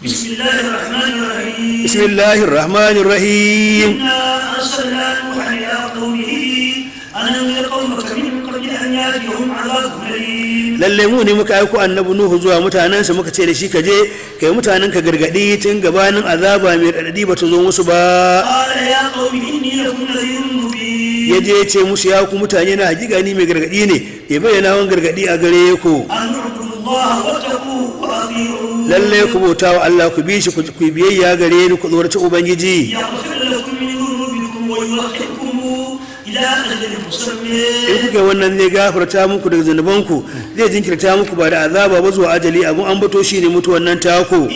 بسم الله الرحمن الرحيم بسم الله الرحمن الرحيم إنا أرسلنا نوحا إلى قومه أن أنذر قومك من قبل أن يأتيهم عذاب lalle mu ne muka aiko annabi nuhu zuwa mutanensa muka ce da shi ka je kai mutanen ka gargadi tun gabanin azaba mai radadi ba ta zo musu ba ya je ya ce musu ya ku mutane na hakika ni mai gargadi ne ya bayyana wani gargadi a gare ku an lalle ku bauta wa Allah ku bi shi ku biyayya gare ni ku tsoraci ubangiji in kuke wannan zai gafarta muku daga zanubanku zai jinkirta muku ba da azaba ba zuwa ajali abin an bato shi ne mutu wannan taku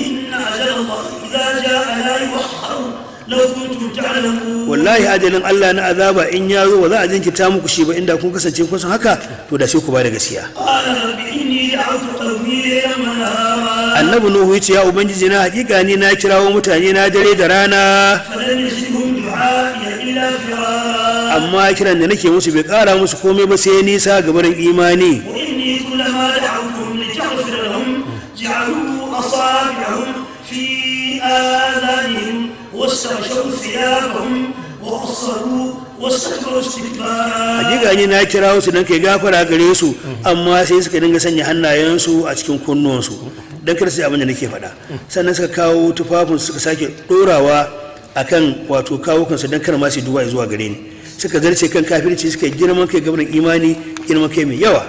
wallahi ajalin Allah na azaba in ya zo ba za a jinkirta muku shi ba inda kun kasance kun san haka to da sai ku ba da gaskiya annabi nuhu yace ya ubangiji na hakika ni na kirawo mutane na dare da rana amma kiran da nake musu bai kara musu komai ba sai nisa ga barin imani hakika ne na kira wasu don kai gafara gare su amma sai suka dinga sanya hannayensu a cikin kunnuwansu Dan kar su abin da nake faɗa sannan suka kawo tufafin suka sake ɗorawa akan wato kawo kansu dan kar ma su duba zuwa gare ni suka zarce kan kafirci suka girman kai gabanin imani girman kai mai yawa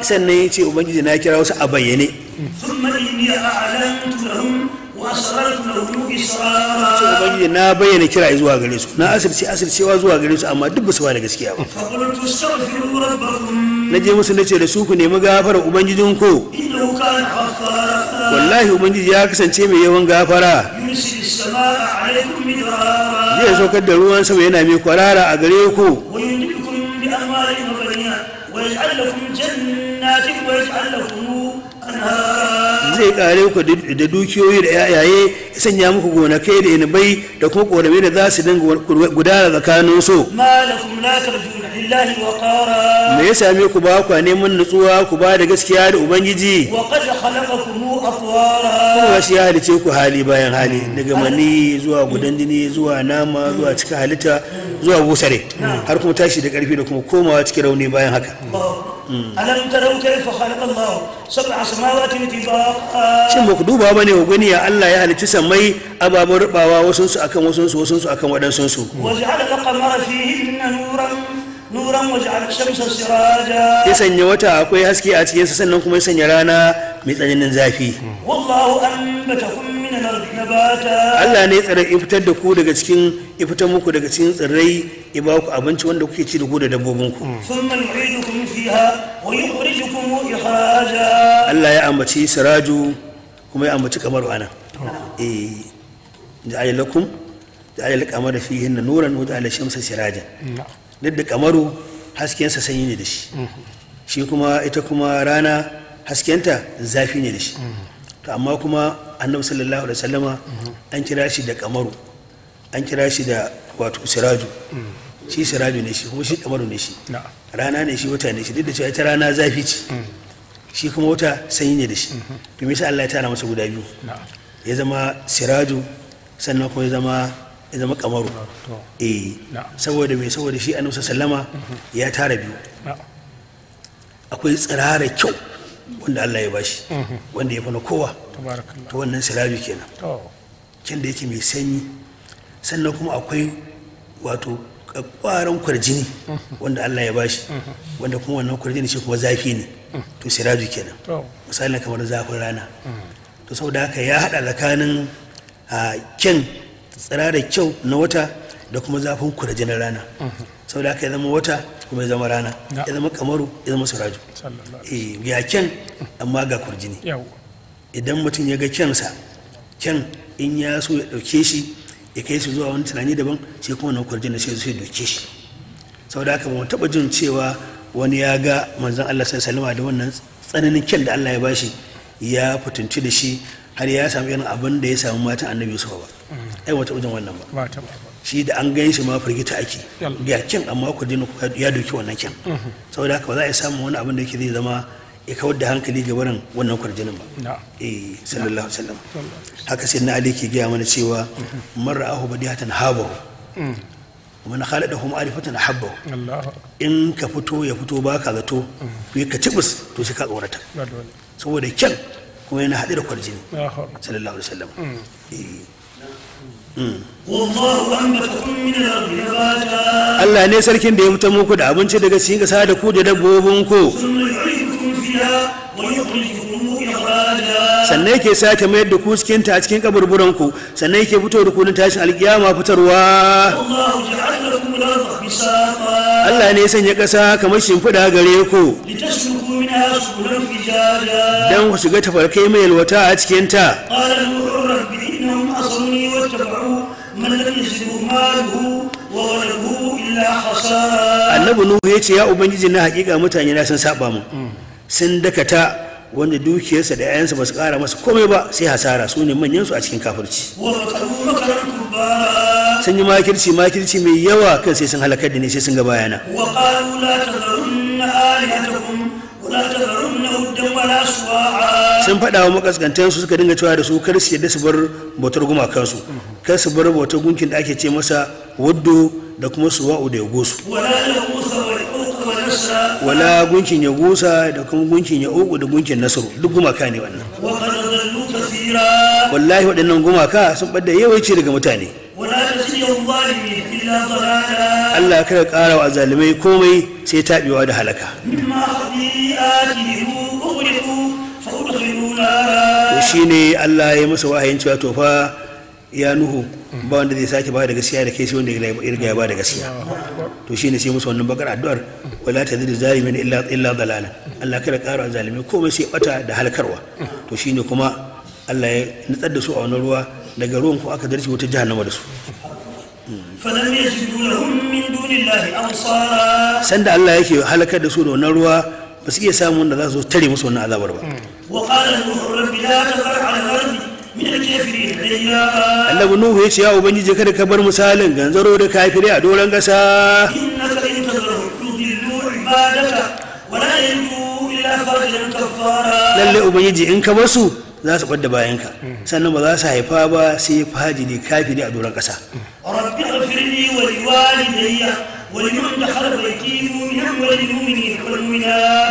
sannan ya ce ubangiji na kira wasu a bayyane na bayyana kira zuwa gare su na asirce asircewa zuwa gare su amma duk ba da gaskiya ba na je musu nace da su ku nemi gafara ubangijin ku wallahi ubangiji ya kasance mai yawan gafara zai saukar da ruwan sama yana mai kwarara a gare ku ويجعل لكم جنات ويجعل لكم zai ƙare ku da dukiyoyi da yayaye ya sanya muku gonakai da inabai da kuma korame da za su dinga gudana tsakanin so me ya same ku ba ku neman nutsuwa ku ba da gaskiya da ubangiji kuma shi ya halice ku hali bayan hali daga mani zuwa gudan jini zuwa nama zuwa cika halitta zuwa busare har kuma tashi da karfi da kuma komawa cikin rauni bayan haka alam tarau kayfa khalaqa Allah sab'a samawati tibaqa shin muku duba bane wa gani ya Allah ya halitta samai ababen rubawa wasu su akan wasu su wasun su akan wadansun su waja'ala al-qamara fihi nuran nuran waje shamsa siraja ya sanya wata akwai haske a cikin sa sannan kuma ya sanya rana mai tsananin zafi wallahu anbatakum min nabata Allah ne tsare fitar da ku daga cikin fitar muku daga cikin tsirrai in ba ku abinci wanda kuke ci da ku da dabbobin ku thumma yu'idukum fiha wa yukhrijukum ikhraja Allah ya ambaci siraju kuma ya ambaci kamar wana eh ja'ala lakum ja'ala al-qamara nuran wa ja'ala shamsa sirajan duk da kamaru sa sanyi ne da shi mhm. shi kuma ita kuma rana haskenta zafi ne da shi to amma kuma annabi sallallahu alaihi wasallama an kira shi da kamaru an kira shi da wato siraju shi siraju ne shi kuma shi kamaru ne shi rana ne shi wata ne shi duk da cewa ita rana zafi ce shi kuma wata sanyi ne da shi to me Allah ya tara masa guda biyu ya zama siraju sannan kuma ya zama ya zama kamaru eh saboda me saboda shi annabi sallama mhm. ya tara biyu akwai tsirara kyau wanda Allah ya bashi wanda ya fana kowa to wannan sirabi kenan kyan da yake mai sanyi sannan kuma akwai wato kwaran kwarjini wanda Allah ya bashi wanda kuma wannan kwarjini shi kuma zafi ne to sirabi kenan misalin kamar zafin rana to saboda haka ya haɗa tsakanin ah, kyan tsirara kyau na wata da kuma zafin ku da jinin rana saboda haka ya zama wata kuma ya zama rana ya zama kamaru ya zama suraju ya eh, kyan amma ga kurjini idan mutum ya ga kyansa kyan in ya so ya dauke shi ya kai su zuwa wani tunani daban sai kuma na kurjini sai zai doke shi saboda haka ba mu taɓa jin cewa wani ya ga manzon Allah sallallahu alaihi da wannan tsananin kyan da Allah ya bashi ya fitinci da shi har ya samu irin abin da ya samu matan annabi Yusuf ba mm. ai wata ujin wannan ba shi da an gan shi ma firgita ake ga kyan amma ku dina ya doki wannan kyan mhm. saboda haka ba za a samu wani abin da yake zai zama ya kawar da hankali ga barin wannan kwarjinin ba eh sallallahu alaihi wasallam haka sai na ali ke gaya mana cewa mhm. man ra'ahu badihatan habahu mm. man khaladahu ma'rifatan ahabbahu in ka fito ya fito baka zato to mm. ka cibis to shi ka tsorata saboda kyan kuma yana haɗe da kwarjini sallallahu alaihi wasallam mm. eh. Allah ne sarkin da ya mutan muku da abinci daga cikin ƙasa da ku da dabbobin ku sannan yake sake mayar da ku cikin ta cikin kaburburan ku sannan yake fito da ku na tashin alkiyama fitarwa Allah ne sanya ƙasa kamar shimfiɗa gare ku don ku shiga tafarkai mai yalwata a cikin ta illa annabi nuhu ya ce ya ubangiji na hakika mutane na sun saba mu sun dakata wanda dukiyarsa da 'ya'yansa ba su kara masa komai ba sai hasara su ne manyansu a cikin kafirci sun yi makirci makirci mai yawa kan sai sun halakar da ne sai sun ga bayana sun faɗa wa makaskantansu suka dinga cewa da su kar su yadda su bar bautar gumakansu kar su bar wata gunkin da ake ce masa waddo da kuma wa'u da ya gosu wala gunkin ya gusa da kuma gunkin ya uku da gunkin nasaru duk gumaka ne wannan wallahi waɗannan gumaka sun ɓadda yawanci daga mutane Allah kada ƙara wa zalimai komai sai taɓewa da halaka shi ne Allah ya masa wahayin cewa tofa ya nuhu ba wanda zai sake ba da gaskiya da kai sai wanda ya riga ya ba da gaskiya to shine sai musu wannan bakar addu'ar wala tazidu zalimin illa illa dalala Allah kada ƙara zalimi komai sai bata da halkarwa to shine kuma Allah ya nutsar da su a wannan ruwa daga ruwan ko aka darci wata jahannama da su falam yajidu lahum min dunillahi ansara sanda Allah yake halakar da su da wannan ruwa ba su iya samun wanda za su tare musu wannan azabar ba wa qala nuhu rabbi la tafar ala annabi nuhu ya ce ya ubangiji kada ka bar misalin ganzaro da kafire a doron ƙasa lalle ubangiji in ka basu za su ɓadda bayanka sannan ba za su haifa ba sai fajiri kafiri a doron ƙasa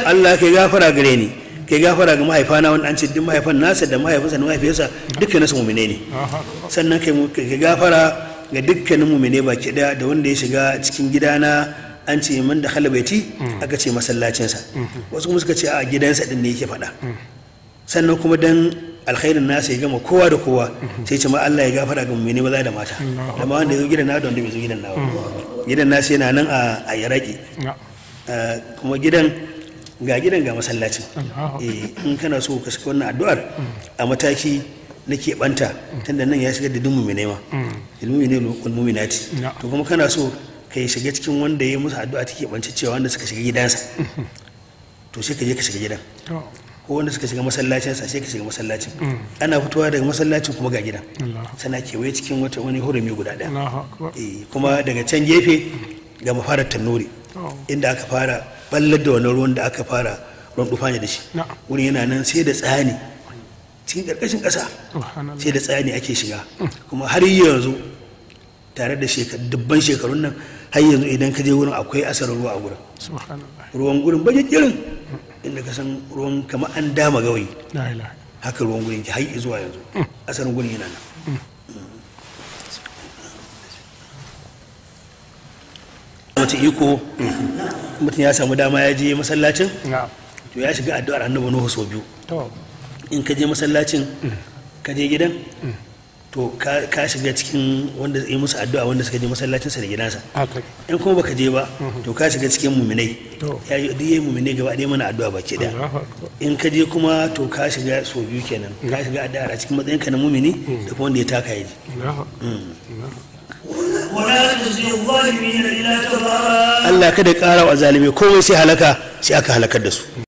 Allah ke gafara gare ni ke gafara ga mahaifana wanda an ce duk mahaifan nasa da mahaifinsa da mahaifiyarsa dukkanin su mumine ne sannan ke gafara ga dukkanin mumine baki daya da wanda ya shiga cikin gidana an ce man da halabaiti aka ce masallacinsa wasu kuma suka ce a gidansa din ne yake faɗa sannan kuma dan alkhairin nasa ya gama kowa da kowa sai ce ma Allah ya gafara ga mumine maza da mata da ma wanda ya zo gidan na da wanda bai zo gidan na mm. gidan nasa yana nan a Iraki eh, kuma gidan ga gidan ga masallacin eh, in kana so ka shiga wannan addu'ar a mataki na keɓanta tunda nan ya shiga da mai nema ma ne mm. lokal muminati to kuma kana so ka yi shiga cikin wanda ya musu addu'a ta keɓance cewa wanda suka shiga gidansa to sai ka je ka shiga gidan ko wanda suka shiga masallacin sai ka shiga masallacin mm. ana fitowa daga masallacin kuma ga gidan sana kewaye cikin wata wani hurumi guda ɗaya eh, kuma daga can gefe ga mafarar tannuri inda aka fara ballar da wannan ruwan da aka fara ruwan ne da shi wurin yana nan sai da tsani cikin karkashin ƙasa sai da tsani ake shiga kuma har yanzu tare da dubban shekarun nan har yanzu idan ka je wurin akwai asarar ruwa a gurin ruwan gurin baje kirin inda ka san ruwan kamar an dama gawayi haka ruwan gurin ki har zuwa yanzu mm. asarin gurin yana nan mm. wuce iko mutum ya samu dama ya je masallacin to ya shiga addu'ar annabi nuhu sau biyu in ka je masallacin mm. ka je gidan mm. to ka shiga cikin wanda yi musu addu'a wanda suka je masallacin sa da gidansa in kuma baka je ba mm-hmm. to ka shiga cikin muminai ya yi duk yayi muminai gaba ɗaya mana addu'a baki ɗaya in ka je kuma to ka shiga sau biyu kenan ka mm. shiga addu'a a cikin ka na mumini da kuma wanda ya taka yaji wala tuzigh zalimin illa tabara Allah kada ƙara wa zalimi komai sai halaka sai aka halakar da su